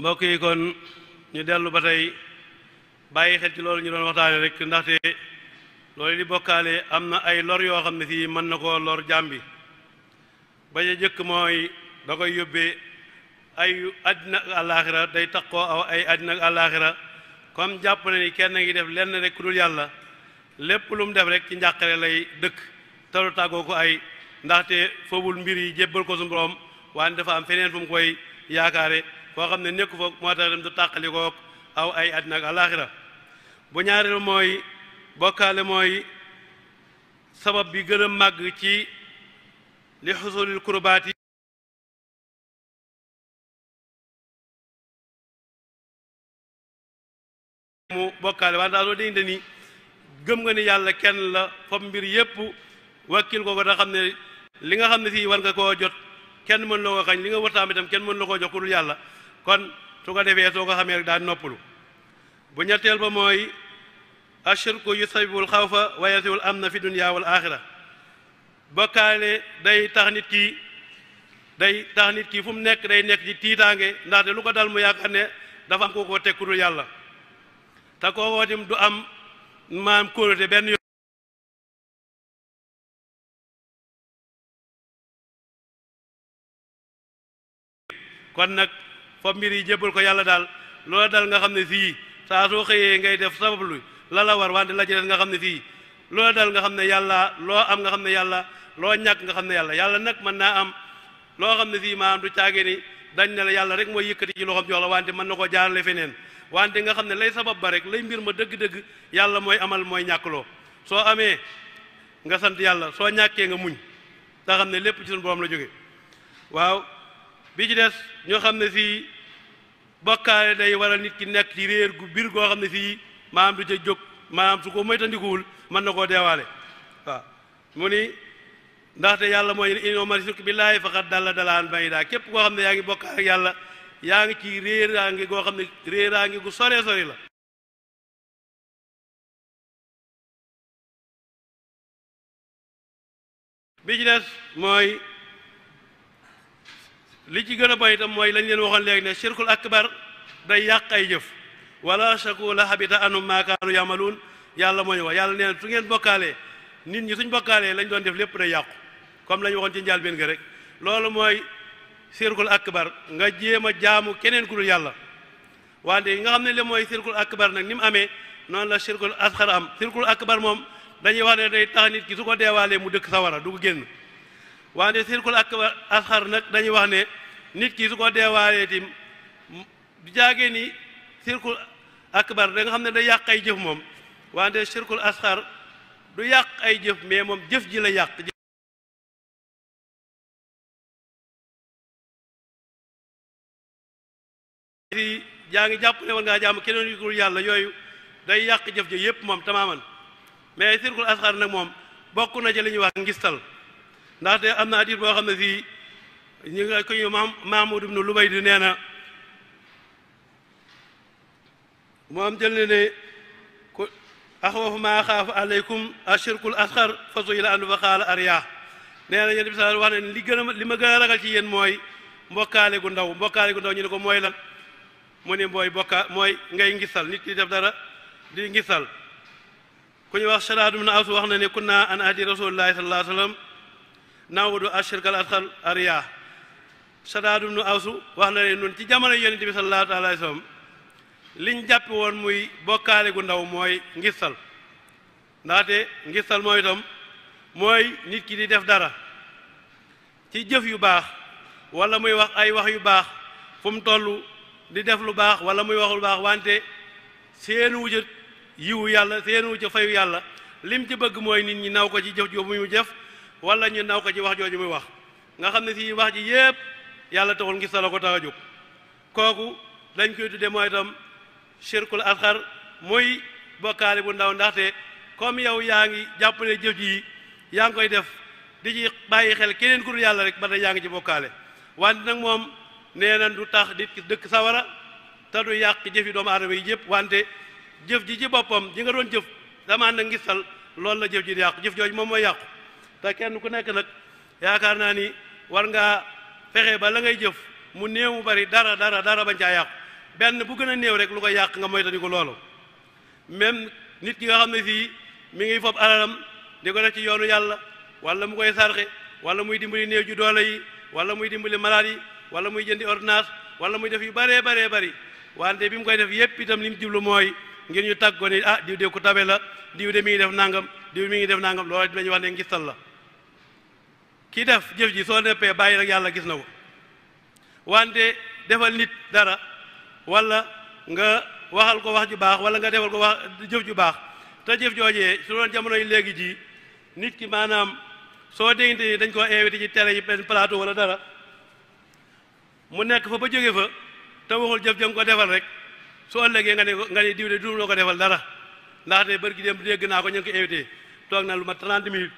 mbokk yi kon ñu dellu ba tey bàyyi xel ci loolu ñu doon waxtaane rek ndaxte loolu di bokkaale am na ay lor yoo xam ne si mën na koo lor jàmbi ba ca jëkk mooy da koy yóbbee ay àddina ak àllaaxira day takkoo aw ay àddina ak àllaaxira comme jàpp na ni kenn ngi def lenn rek ku dul yàlla lépp lu mu def rek ci njàqare lay dëkk talu tàggoo ko ay ndaxte fooful mbir yi jébbal ko suñu borom waaye dafa am feneen fu mu koy yaakaare foo xam ne nekk fa moo tax dem du tàqalikook aw ay àddina ak alaaxira bu ñaareel mooy bokkaale mooy sabab bi gën a màgg ci li xusulil kurbaat yi mu bokkaale waa daa doo dañ te gëm nga ni yàlla kenn la fop mbir yépp wakkil ko ko da xam ne li nga xam ne sii war nga koo jot kenn mën la koo xañ li nga wartaam itam kenn mën la koo jox ku dul yàlla kon su ko defee soo ko xamee daa daan noppalu bu ñetteel ba mooy ashirku yusabibul xawfa wa yasiwul am na fi dunya wal bokkaale day tax nit ki day tax nit ki fu mu nekk day nekk ci tiitaange ndaxte lu ko dal mu yaakaar ne dafa am kookoo teg ku yàlla te kookoo tim du am maam kóolute benn yoon fab mbir yi jébbal ko yàlla daal loola daal nga xam ne fii saa soo xëyee ngay def sabablu la la war wante la ci nga xam ne fii loola dal nga xam ne yàlla loo am nga xam ne yàlla loo ñàkk nga xam ne yàlla yàlla nag mën naa am loo xam ne sii maanaam du caage dañ ne yàlla rek mooy yëkkati ci loxoom jox wante mën na koo jaarale feneen wante nga xam ne lay sabab ba rek lay mbir ma dëgg-dëgg yàlla mooy amal mooy ñàkk loo soo amee nga sant yàlla soo ñàkkee nga muñ te xam ne lépp ci suñu la jóge waaw bi ci des ñoo xam ne fii bokkaale day waral nit ki nekk ci réer gu biir goo xam ne fii maanaam du ca jóg maanaam su ko moytandikuwul mën na koo deewaale waaw mu ni ndaxte yàlla mooy inoo man sukk billaahi faqat dalla dalaan bayi daa képp koo xam ne yaa ngi bokkaale yàlla yaa ngi ci réeraa goo xam ne réeraa gu sore sori la bi des mooy li ci gën a bay itam mooy lañ leen waxoon léegi ne shirkul akbar day yàq ay jëf wala shaku la habita anum ma kaanu yamaluun yàlla moo ñu wax yàlla neen su ngeen bokkaalee nit ñi suñ bokkaalee lañ doon def lépp day yàqu comme la ñu waxoon ci njëlbéen ga rek loolu mooy shirkul akbar nga jéem a jaamu keneen ku dul yàlla wante nga xam ne li mooy shirkul akbar nag ni mu amee noonu la shirkul asxar am shirkul akbar moom dañuy wax ne day tax nit ki su ko deewaalee mu dëkk sawara du ko génn dañuy wax ne nit ki su ko waaye di du jaagee ni sirkul akbar da xam ne da yàq ay jëf moom wante sirkul asxar du yàq ay jëf mais moom jëf ji la yàq si jaa ngi jàpp ne war ngaa jàmm keneen yu dul yàlla yooyu day yàq jëf ji yépp moom tamaaman mais sirkul asxar nag moom bokk na ci li ñuy wax ngistal ndaxte am na adit boo xam ne si ñu nga ko ñu maam Mahmoud ibnu nee na moom jël na ku axwafu maa xaafu aleykum ashirkul asxar fa su'ila fa qaala aryaa nee na yonent bi sa wax ne li gën a li ma gën a ragal ci yéen mooy mbokkaale gu ndaw mbokkaale gu ndaw ñu ne ko mooy lan mu ne mooy bokka mooy ngay ngisal nit ki def dara di ngisal ku ñu wax Shaddaad ibn Aws wax na kunna an ahdi rasulillahi sallallahu alayhi wa ashirkal asxar aryaa Sadaad ibnu Awsu wax na leen nun ci jamono yonent bi sallallahu alayhi wa sallam liñ jàpp woon muy bokkaale gu ndaw mooy ngistal ndaxte ngistal mooy itam mooy nit ki di def dara ci jëf yu baax walla muy wax ay wax yu baax fu mu toll di def lu baax wala muy wax lu baax wante seeni wujjat yiwu yàlla seen wujjat fayu yàlla lim ci bëgg mooy nit ñi naw ko ci jëf jooju muy jëf wala ñu naw ko ci wax jooju muy wax nga xam ne si wax ji yépp yàlla taxul ngir sala ko tax a jóg kooku lañ koy tudde mooy itam shirkul asxar mooy bokkaale bu ndaw ndaxte comme yow yaa ngi jàpp jëf ji yaa ngi koy def di ci bàyyi xel keneen ku yàlla rek ba tey yaa ngi ci bokkaale wante nag moom nee du tax nit ki dëkk sawara te du yàq jëfi doomu aadama yi jëpp wante jëf ji ci boppam ji nga doon jëf damaa na ngistal loolu la jëf ji di yàq jëf jooju moom mooy yàqu te kenn ku nekk nag yaakaar naa ni war fexe ba la ngay jëf mu néew mu bari dara dara dara bañ caa yàqu benn bu gën a néew rek lu ko yàq nga ko loolu même nit ki nga xam ne fii mi ngi fob alalam di ko def ci yoonu yàlla wala mu koy sarxe wala muy dimbali néew ju doole yi wala muy dimbali malade yi wala muy jëndi ordonnance wala muy def yu baree baree bari wante bi mu koy def yépp itam li mu jublu mooy ngir ñu tàggoo ni ah diw de ku tabe la diw de mi ngi def nangam diw mi ngi def nangam loolu dinañu wax ne ngistal la ki def jëf ji soo neppee bàyyi rek yàlla gis na ko wante defal nit dara walla nga waxal ko wax ju baax wala nga defal ko wax jëf ju baax te jëf joojee su doon jamono yi léegi ji nit ki maanaam soo déggante ni dañ ko invité ci télé yi benn plateau wala dara mu nekk fa ba jóge fa te waxul jëf jëm ko defal rek su ëllëgee nga ne nga ne diw de duum ko defal dara ndaxte bër gi dem dégg naa ko ñu ngi ko invité toog na lu ma 30 minutes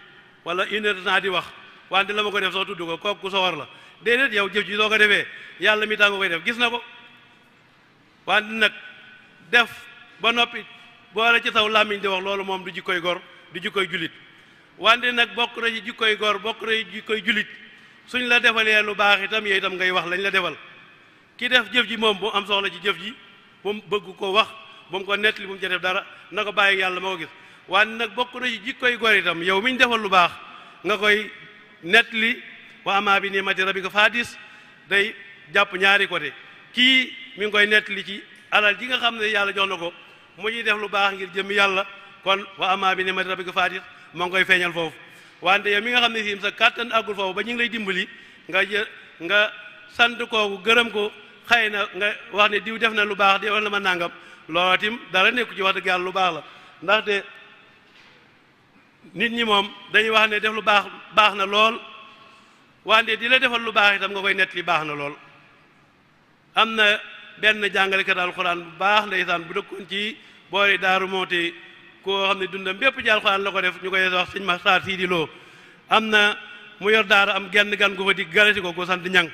wala une heure naa di wax wante la ma ko def sax tudd ko kooku ku soxor la déedéet yow jëf ji soo ko defee yàlla mi tàng koy def gis na ko wante nag def ba noppi boole ci saw làmmiñ di wax loolu moom du jikkoy gor du jikkoy julit wante nag bokk na ci jikkoy gor bokk na jikkoy jullit suñ la defalee lu baax itam yooyu itam ngay wax lañ la defal ki def jëf ji moom bu am soxla ci jëf ji bu mu bëgg ko wax bu mu ko nettali bu mu ca def dara na ko bàyyi yàlla ma ko gis wante nag bokk na ci jikkoy gor itam yow miñ defal lu baax nga koy net li wa ama bi nimati rabbika fadis day jàpp ñaari côté kii mi ngi koy net li ci alal ji nga xam ne yàlla jox na ko mu ñuy def lu baax ngir jëm yàlla kon wa ama bi nimati rabbika fadis moo ngi koy feeñal foofu wante yow mi nga xam ne siim sa kàttan àggul foofu ba ñu ngi lay dimbali nga jë nga sant kooku gërëm ko xëy na nga wax ne diw def na lu baax di wala ma nangam loola tim dara nekku ci wax dëgg yàlla lu baax la ndaxte nit ñi moom dañuy wax ne def lu baax baax na lool wante di la defal lu baax itam nga koy nett li baax na lool am na benn jàngalekat alxuraan bu baax ndeysaan bu dëkkoon ci boori daaru mooti koo xam ne dundam bépp ci alxuraan la ko def ñu koy wax sëñ ma sii di loo am na mu yor daara am genn gan gu fa di galati ko ko sant ñang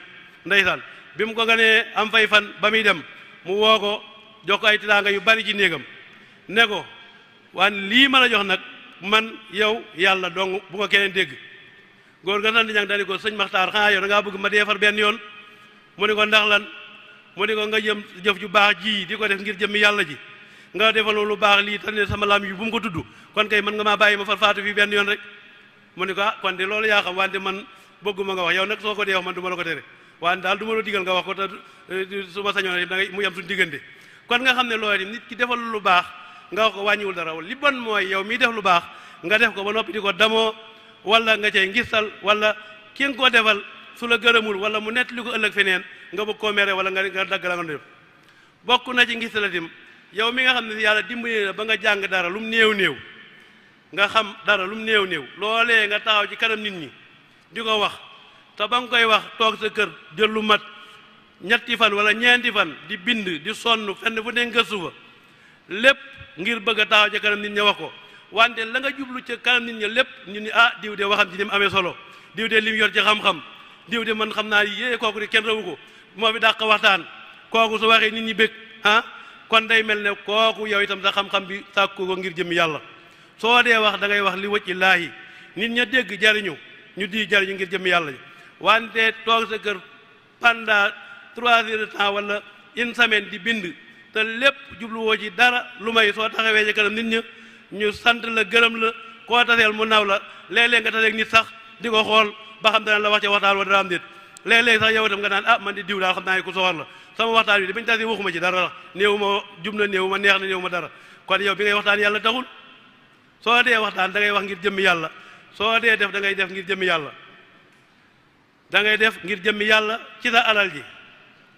ndeysaan bi mu ko ganee am fay fan ba muy dem mu woo ko jox ko ay tilaanga yu bari ci néegam ne ko waan lii ma la jox nag man yow yàlla dong bu ko keneen dégg góor ga sant ñang dani ko sëñ maxtaar xanaa yow da ngaa bëgg ma deefar benn yoon mu ni ko ndax lan mu ni ko nga jëm jëf ju baax ji di ko def ngir jëmmi yàlla ji nga defaloo lu baax lii te ne sama lam yu bu mu ko tudd kon kay mën nga maa bàyyi ma farfaatu fii benn yoon rek mu ni ko ah kon de loolu yaa xam wante man bëgguma nga wax yaw nag soo ko dee wax man du la ko tere waaye daal du ma la digal nga wax ko te eh, su ma sañoon da mu yem suñu diggante kon nga baax nga wax ko wàññiwul dara li bon mooy yow miy def lu baax nga def ko ba noppi di ko damoo wala nga cay ngistal wala ki nga ko defal su la gërëmul wala mu nett li ko ëllëg feneen nga bëgg koo mere wala nga nga dagg la nga def bokk na ci ngistalatim yow mi nga xam ne yàlla dimbali la ba nga jàng dara lu mu néew néew nga xam dara lu mu néew néew loolee nga taxaw ci kanam nit ñi di ko wax te ba nga koy wax toog sa kër jël lu mat ñetti fan wala ñeenti fan di bind di sonn fenn fu ne nga sufa lépp ngir bëgg a taaw ca kanam nit ña wax ko wante la nga jublu ca kanam nit ña lépp ñu ni ah diw de waxam ci ni mu amee solo diw de yor ci xam-xam diw de man xam naa yée kooku de kenn rawu ko moo fi dàq waxtaan kooku su waxee nit ñi bég ah kon day mel ne kooku yow itam sa xam-xam bi sàkku ko ngir jëm yàlla soo dee wax dangay wax li wëcc laahi nit ña dégg jariñu ñu di jariñu ngir jëm yàlla wante toog sa kër pendant trois heures temps wala une semaine di bind te lépp jubluwoo ci dara lu may soo taxawee ci kanam nit ñi ñu sant la gërëm la koo taseel mu naw la léeg-léeg nga taseeg nit sax di ko xool ba xam dana la wax ci waxtaan wa dara am nit léeg-léeg sax yow itam nga naan ah man di diw laa xam naa ne ku soxor la sama waxtaan wi di bañ tasee ci dara la néew ma na néew ma neex na néew ma dara kon yow bi ngay waxtaan yàlla taxul soo dee waxtaan da ngay wax ngir jëmmi yàlla soo dee def da ngay def ngir jëmmi yàlla da def ngir jëmmi yàlla ci sa alal ji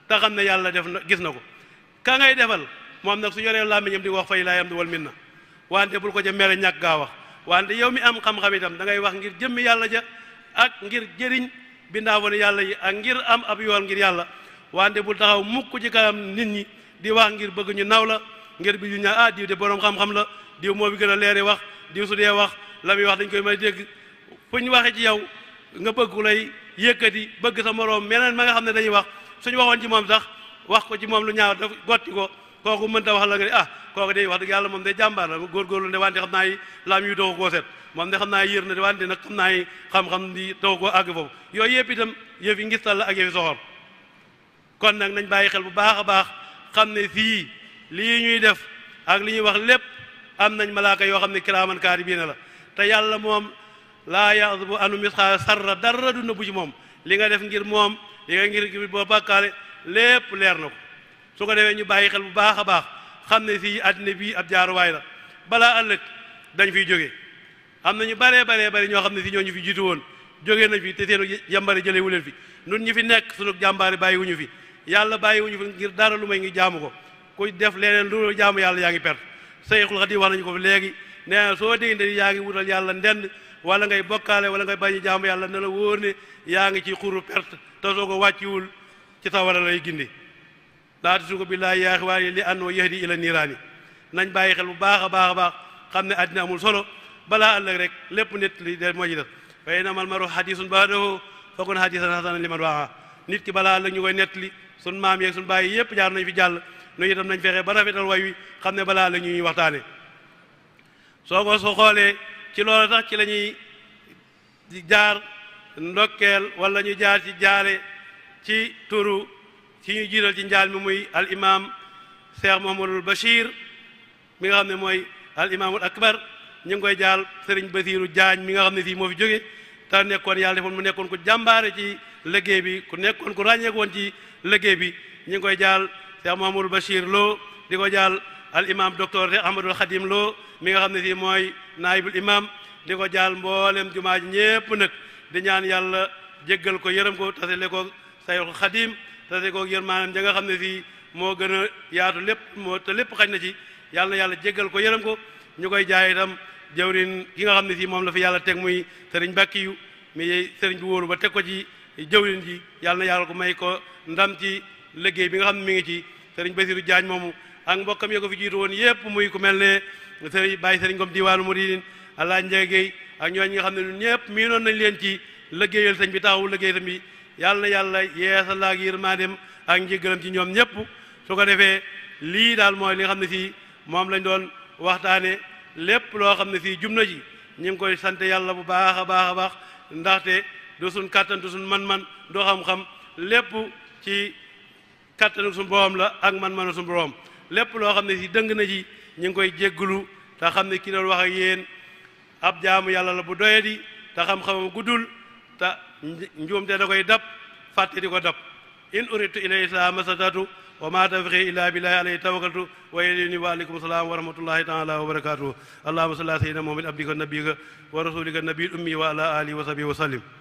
te xam yàlla def na gis na ko ka ngay defal moom nag su yoree làmmiñam di wax fay laayam du wal min na wante bul ko ca mere ñàkk gaa wax wante yow mi am xam-xam itam da ngay wax ngir jëmmi yàlla ja ak ngir jëriñ bindaa wone yàlla yi ak ngir am ab yool ngir yàlla wante bul taxaw mukk ci kanam nit ñi di wax ngir bëgg ñu naw la ngir bi ñu ñaa ah diw de boroom xam-xam la diw moo fi gën a leeri wax diw su dee wax la muy wax dañ koy may dégg fu ñu waxee ci yow nga bëgg lay yëkkati bëgg sa moroom meneen ma nga xam ne dañuy wax suñu waxoon ji moom sax wax ko ci moom lu ñaaw daf gotti ko kooku mën ta wax la nga ne ah kooku day wax dëgg yàlla moom day jàmbaar la góorgóorlu de wante xam naa yi laam yu taw koo xam naa yër na de wante nag xam naa xam-xam di taw koo àgg foofu yooyu yëpp itam yëf yi ngistal la ak yëfi soxor kon nag nañ bàyyi xel bu baax a baax xam ne fii lii ñuy def ak li ñuy wax lépp am nañ malaaka yoo xam ne kiraaman kaatibiina la te yàlla moom laa yazubu anu misxaal sarra dara du nëbbu ci moom li nga def lépp leer na ko su ko defee ñu bàyyi xel bu baax a baax xam ne fii àddina bii ab jaaruwaay la balaa ëllëg dañ fiy jóge am na ñu baree bare bari ñoo xam ne si ñoo ñu fi jiitu woon jóge nañ fi te seenu jàmbari jëlee wu leen fi nun ñu fi nekk sunu jàmbaari wuñu fi yàlla bàyyiwuñu fi ngir dara lu may ngi jaamu ko ku def leneen lu jaamu yàlla yaa ngi perte Seyxul di wax nañu ko fi léegi nee na soo dégg yaa ngi wutal yàlla ndend wala ngay bokkaale wala ngay bañu jaamu yàlla na la wóor ne yaa ngi ci xuru perte te ko wàcciwul ci tawara lay gindi laatu ko billaahi yaa xiwaani li annoo yahdi ila niiraani nañ bàyyi xel bu baax a baax a baax xam ne àddina amul solo balaa ëllëg rek lépp nit li de moo ci def fa innamal maru hadiisun ba'dahu fa kun hadiisan hasanan liman wa'a nit ki balaa ëllëg ñu koy nettali sun maam yeeg sun bàyyi yépp jaar nañ fi jàll nu tam nañ fexe ba rafetal way ne balaa ëllëg ñu ñuy waxtaane soo ko soo xoolee ci loolu tax ci la ñuy jaar ndokkeel wala ñu jaar ci turu ci ñu jiital ci njaal mi muy alimaam imam Cheikh Mouhamadul Bachir mi nga xam ne mooy al imaamul akbar ñu ngi koy jaal sëriñ Basiiru Jaañ mi nga xam ne sii moo fi jóge te nekkoon yàlla defoon mu nekkoon ku jàmbaare ci liggéey bi ku nekkoon ku ràññeeku ci liggéey bi ñu ngi koy jaal Cheikh Mouhamadul Bachir Lo di ko jaal al imam docteur Ahmadul Khadim Lo mi nga xam ne sii mooy naayibul imam di ko jaal mboolem jumaa ji ñépp nag di ñaan yàlla jéggal ko yërëm ko tasale sayxul xadim tase koog yërmaanam ja nga xam ne fii moo gën a yaatu lépp moo te lépp xañ na ci yàlla na yàlla jéggal ko yërëm ko ñu koy jaay itam jëwrin ki nga xam ne fii moom la fi yàlla teg muy sëriñ yu mi seriñ bi wooru ba teg ko ci jëwrin ji yàlla na yàlla ko may ko ndam ci liggéey bi nga xam ne mi ngi ci sëriñ basiru jaañ moomu ak mbokkam ya ko fi jiitu woon yépp muy ku mel ne sëriñ bàyyi sëriñ comme diwaanu muridin allah njegey ak ñooñ ñi nga xam ne ñëpp mii nañ leen ci liggéeyal sëñ bi taxawu liggéey bi yàlla na yàlla yeesa la maa yërmaandeem ak njëggalam ci ñoom ñëpp su ko defee lii daal mooy li nga xam ne sii moom lañ doon waxtaane lépp loo xam ne sii jum na ji ñu ngi koy sant yàlla bu baax a baax baax ndaxte du suñ kàttan du suñ man-man du xam-xam lépp ci kàttanu suñ borom la ak man-manu suñ borom lépp loo xam ne si dëng na ji ñu ngi koy jégglu te xam ne ki doon wax ab jaamu yàlla la bu doyadi te xam-xamam guddul te njuumte da koy dab fàtte di ko dab in uritu ilay islam masatatu wa ma tawfiqi illa billahi alayhi tawakkaltu wa ilayhi wa alaykum salaam wa rahmatullahi taala wa barakatuhu allahumma abdika nabiyika wa rasulika nabil ummi wa ala alihi wa